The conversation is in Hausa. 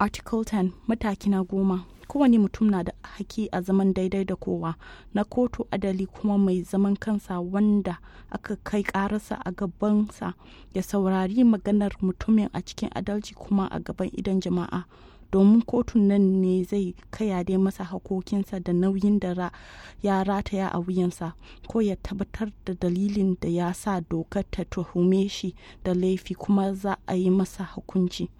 article 10 mataki na goma kowane mutum na da haki a zaman daidai da kowa na kotu adali kuma mai zaman kansa wanda aka kai karasa a gabansa ya saurari maganar mutumin a cikin adalci kuma a gaban idan jama'a domin kotun nan ne zai kaya dai masa hakokinsa da nauyin da ya rataya a wuyansa ko ya tabbatar da dalilin da ya sa dokar ta tuhume shi da laifi kuma za a yi masa hukunci